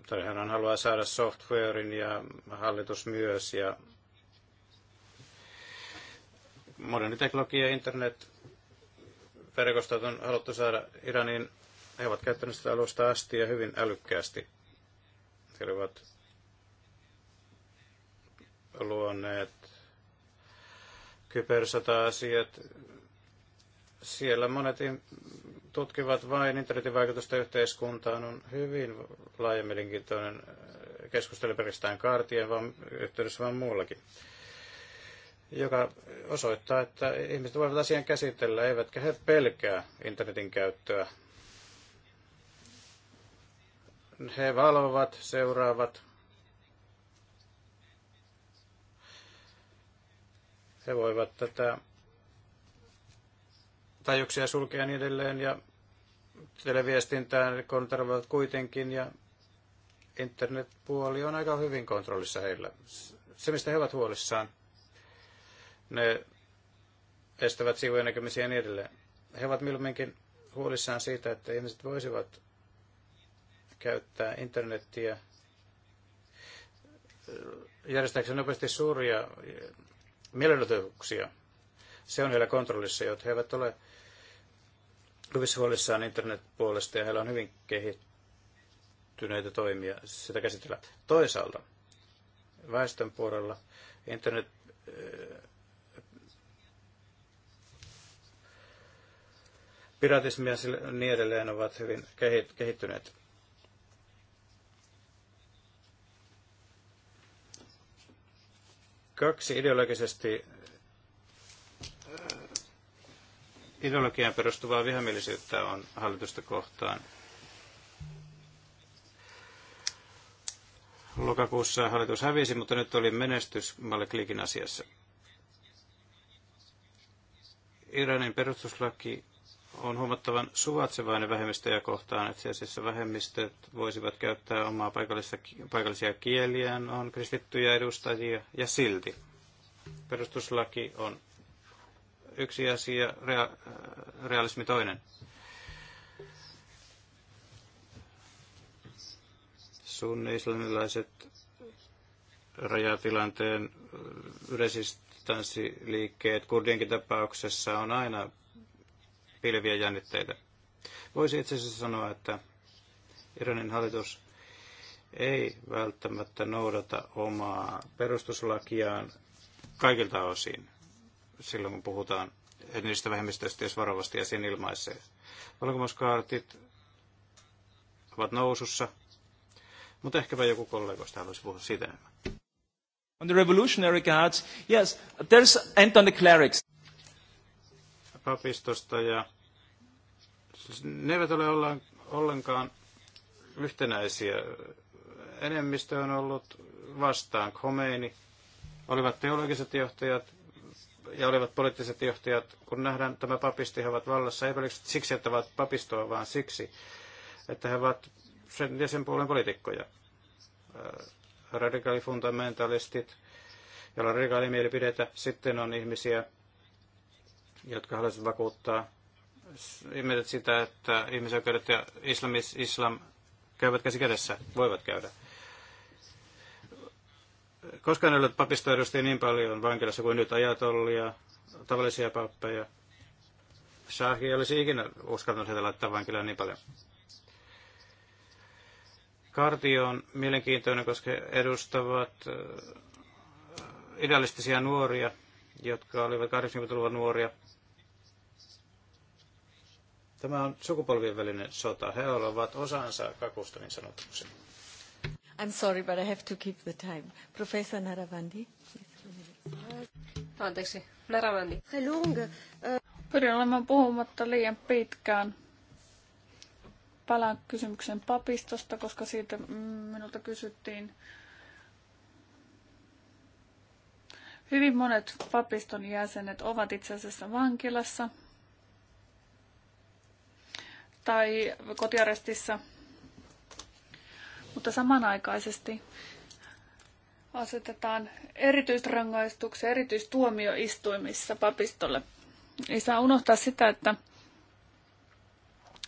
Tai hän haluaa saada softwarein ja hallitus myös ja moderni teknologia ja internet tai on haluttu saada Iraniin. He ovat käyttäneet sitä alusta asti ja hyvin älykkäästi. He ovat luoneet kybersota-asiat. Siellä monet tutkivat vain internetin vaikutusta yhteiskuntaan. On hyvin laajemminkin mielenkiintoinen keskustelu pelkästään kaartien, vaan yhteydessä vaan muullakin joka osoittaa, että ihmiset voivat asian käsitellä, eivätkä he pelkää internetin käyttöä. He valvovat, seuraavat. He voivat tätä tajuksia sulkea niin edelleen ja televiestintään kontrolloivat kuitenkin ja internetpuoli on aika hyvin kontrollissa heillä. Se, mistä he ovat huolissaan, ne estävät sivujen näkemisiä ja niin edelleen. He ovat milloinkin huolissaan siitä, että ihmiset voisivat käyttää internettiä eh, järjestääkseen nopeasti suuria eh, mielenotuksia. Se on heillä kontrollissa, jotta he eivät ole hyvissä huolissaan internetpuolesta ja heillä on hyvin kehittyneitä toimia sitä käsitellä. Toisaalta väestön puolella internet eh, piratismi ja niin edelleen ovat hyvin kehittyneet. Kaksi ideologisesti äh, ideologiaan perustuvaa vihamielisyyttä on hallitusta kohtaan. Lokakuussa hallitus hävisi, mutta nyt oli menestys Maleklikin asiassa. Iranin perustuslaki on huomattavan suvaitsevainen vähemmistöjä kohtaan. Itse asiassa vähemmistöt voisivat käyttää omaa paikallista, paikallisia kieliään, on kristittyjä edustajia ja silti. Perustuslaki on yksi asia, rea, realismi toinen. Sunni-islamilaiset rajatilanteen yleisistanssiliikkeet kurdienkin tapauksessa on aina piileviä jännitteitä. Voisi itse asiassa sanoa, että Iranin hallitus ei välttämättä noudata omaa perustuslakiaan kaikilta osin silloin, kun puhutaan etnisistä vähemmistöistä, jos varovasti ja sen ilmaisee. Valkomuskaartit ovat nousussa, mutta ehkäpä joku kollegoista haluaisi puhua siitä enemmän. On the revolutionary guards, yes, there's, Anton on the clerics papistosta ja ne eivät ole ollenkaan yhtenäisiä. Enemmistö on ollut vastaan. Khomeini, olivat teologiset johtajat ja olivat poliittiset johtajat. Kun nähdään tämä papisti, he ovat vallassa ei pelkästään siksi, että ovat papistoa, vaan siksi, että he ovat sen ja sen puolen poliitikkoja. Äh, radikaalifundamentalistit, joilla on radikaalimielipidetä. Sitten on ihmisiä, jotka haluaisivat vakuuttaa ihmiset sitä, että ihmisoikeudet ja islamis, islam käyvät käsi kädessä, voivat käydä. Koskaan ei ole papista edusti niin paljon vankilassa kuin nyt ajatollia, tavallisia pappeja. Shahi olisi ikinä uskaltanut heitä laittaa vankilaan niin paljon. Kartio on mielenkiintoinen, koska he edustavat äh, idealistisia nuoria, jotka olivat 80-luvun nuoria, Tämä on sukupolvien välinen sota. He ovat osansa Kakustanin sanotuksen.
I'm sorry, but I have to keep the time. Professor Naravandi.
Anteeksi, Naravandi. Äh, Pyrin olemaan puhumatta liian
pitkään. Palaan kysymyksen papistosta, koska siitä mm, minulta kysyttiin. Hyvin monet papiston jäsenet ovat itse asiassa vankilassa – tai kotiarestissa. Mutta samanaikaisesti asetetaan erityisrangaistuksia erityistuomioistuimissa papistolle. Ei saa unohtaa sitä, että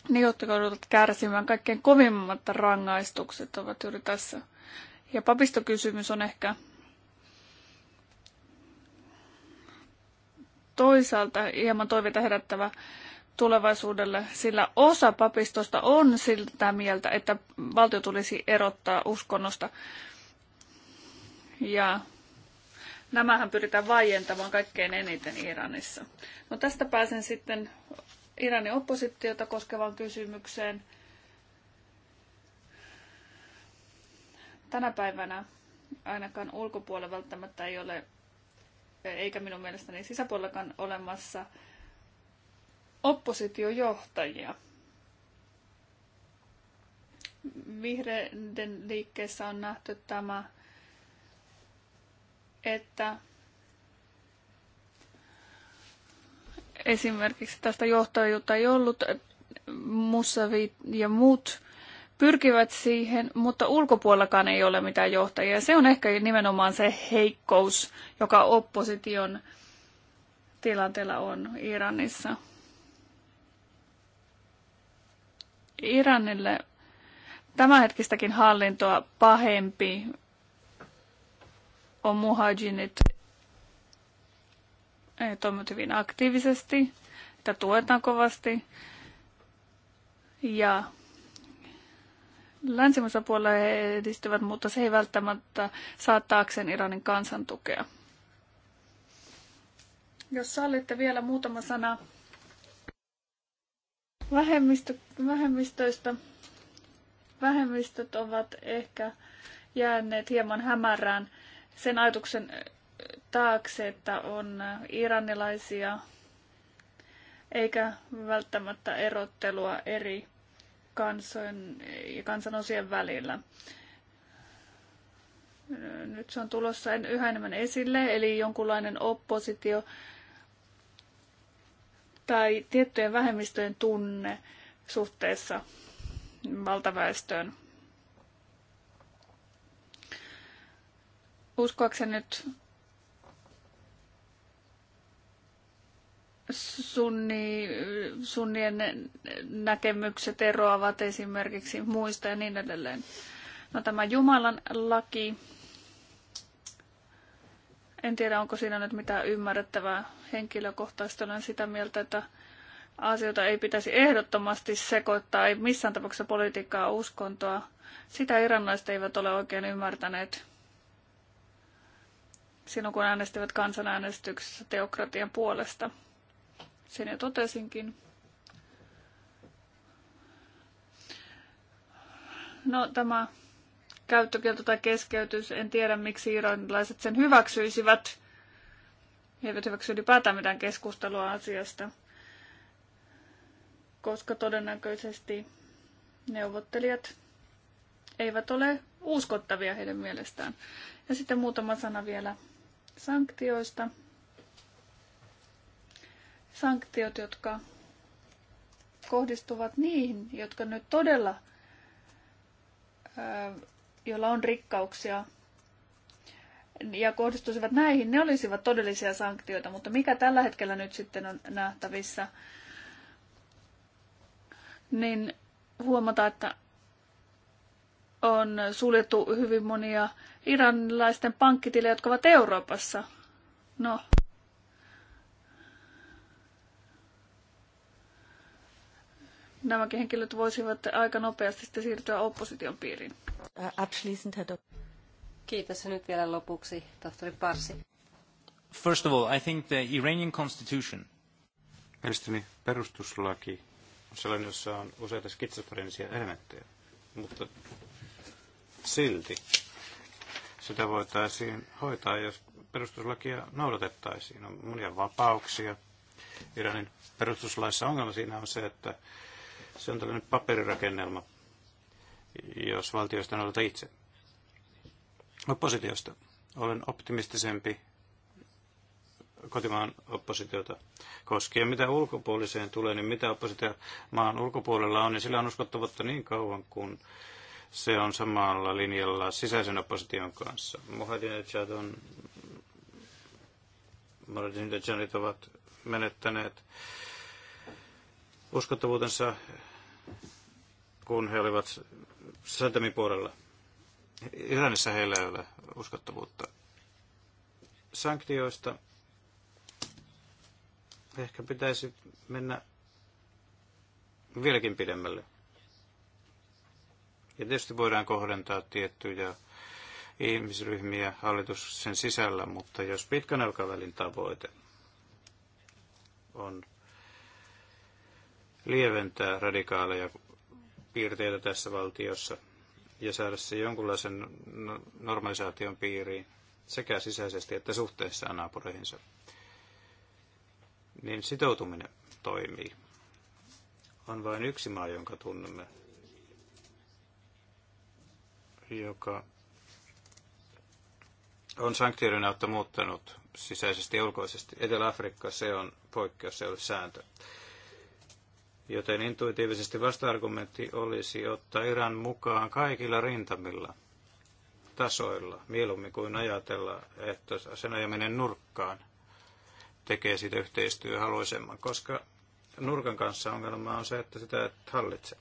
ne, jotka joutuvat kärsimään kaikkein kovimmat rangaistukset, ovat juuri tässä. Ja papistokysymys on ehkä toisaalta hieman toiveita herättävä tulevaisuudelle, sillä osa papistosta on siltä mieltä, että valtio tulisi erottaa uskonnosta. Ja nämähän pyritään vaientamaan kaikkein eniten Iranissa. No tästä pääsen sitten Iranin oppositiota koskevaan kysymykseen. Tänä päivänä ainakaan ulkopuolella välttämättä ei ole, eikä minun mielestäni sisäpuolellakaan olemassa oppositiojohtajia. Vihreiden liikkeessä on nähty tämä, että esimerkiksi tästä johtajuutta ei ollut, Mussavi ja muut pyrkivät siihen, mutta ulkopuolellakaan ei ole mitään johtajia. Se on ehkä nimenomaan se heikkous, joka opposition tilanteella on Iranissa. Iranille tämänhetkistäkin hallintoa pahempi on muhajinit toiminut hyvin aktiivisesti, että tuetaan kovasti. Ja länsimaisella puolella he edistyvät, mutta se ei välttämättä saa taakseen Iranin kansan tukea. Jos sallitte vielä muutama sana Vähemmistö, vähemmistöistä vähemmistöt ovat ehkä jääneet hieman hämärään sen ajatuksen taakse, että on iranilaisia, eikä välttämättä erottelua eri kansojen ja kansanosien välillä. Nyt se on tulossa yhä enemmän esille, eli jonkunlainen oppositio tai tiettyjen vähemmistöjen tunne suhteessa valtaväestöön. Uskoakseni nyt sunni, sunnien näkemykset eroavat esimerkiksi muista ja niin edelleen. No tämä Jumalan laki, en tiedä onko siinä nyt mitään ymmärrettävää henkilökohtaisesti olen sitä mieltä, että asioita ei pitäisi ehdottomasti sekoittaa, ei missään tapauksessa politiikkaa uskontoa. Sitä iranlaiset eivät ole oikein ymmärtäneet silloin, kun äänestivät kansanäänestyksessä teokratian puolesta. Sen jo totesinkin. No tämä käyttökielto tai keskeytys, en tiedä miksi iranilaiset sen hyväksyisivät. He eivät hyväksy ylipäätään mitään keskustelua asiasta, koska todennäköisesti neuvottelijat eivät ole uskottavia heidän mielestään. Ja sitten muutama sana vielä sanktioista. Sanktiot, jotka kohdistuvat niihin, jotka nyt todella, joilla on rikkauksia, ja kohdistuisivat näihin, ne olisivat todellisia sanktioita, mutta mikä tällä hetkellä nyt sitten on nähtävissä, niin huomata, että on suljettu hyvin monia iranilaisten pankkitilejä, jotka ovat Euroopassa. No. Nämäkin henkilöt voisivat aika nopeasti sitten siirtyä opposition piiriin. Äh,
abschließend, Herr Kiitos. Ja nyt vielä lopuksi tohtori Parsi.
First of all, I think the Iranian constitution. Mielestäni perustuslaki on sellainen, jossa on useita skitsofrenisia elementtejä, mutta silti sitä voitaisiin hoitaa, jos perustuslakia noudatettaisiin. On monia vapauksia. Iranin perustuslaissa ongelma siinä on se, että se on tällainen paperirakennelma, jos valtioista noudata itse. Oppositiosta. No, Olen optimistisempi kotimaan oppositiota koskien. Mitä ulkopuoliseen tulee, niin mitä oppositio maan ulkopuolella on, niin sillä on uskottavuutta niin kauan kuin se on samalla linjalla sisäisen opposition kanssa. Mohadinejad on Mohadinejadit ovat menettäneet uskottavuutensa, kun he olivat Saddamin puolella. Iranissa heillä ei ole uskottavuutta. Sanktioista ehkä pitäisi mennä vieläkin pidemmälle. Ja tietysti voidaan kohdentaa tiettyjä ihmisryhmiä hallitus sen sisällä, mutta jos pitkän aikavälin tavoite on lieventää radikaaleja piirteitä tässä valtiossa – ja saada se jonkunlaisen no- normalisaation piiriin sekä sisäisesti että suhteessa naapureihinsa, niin sitoutuminen toimii. On vain yksi maa, jonka tunnemme, joka on sanktioiden autta muuttanut sisäisesti ja ulkoisesti. Etelä-Afrikka, se on poikkeus, se ei ole sääntö. Joten intuitiivisesti vastaargumentti olisi ottaa Iran mukaan kaikilla rintamilla, tasoilla, mieluummin kuin ajatella, että sen ajaminen nurkkaan tekee siitä yhteistyö haluisemman, koska nurkan kanssa ongelma on se, että sitä et hallitse.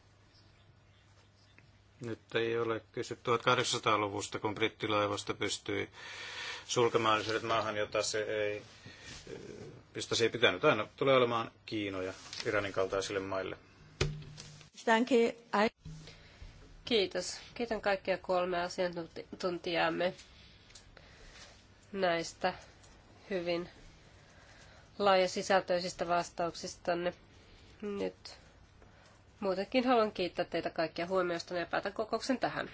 Nyt ei ole kysy 1800-luvusta, kun brittilaivasta pystyi sulkemaan maahan, jota se ei mistä se ei pitänyt. Aina tulee olemaan Kiinoja Iranin kaltaisille maille.
Kiitos. Kiitän kaikkia kolme asiantuntijaamme näistä hyvin laajasisältöisistä vastauksistanne. Nyt muutenkin haluan kiittää teitä kaikkia huomiosta ja päätän kokouksen tähän.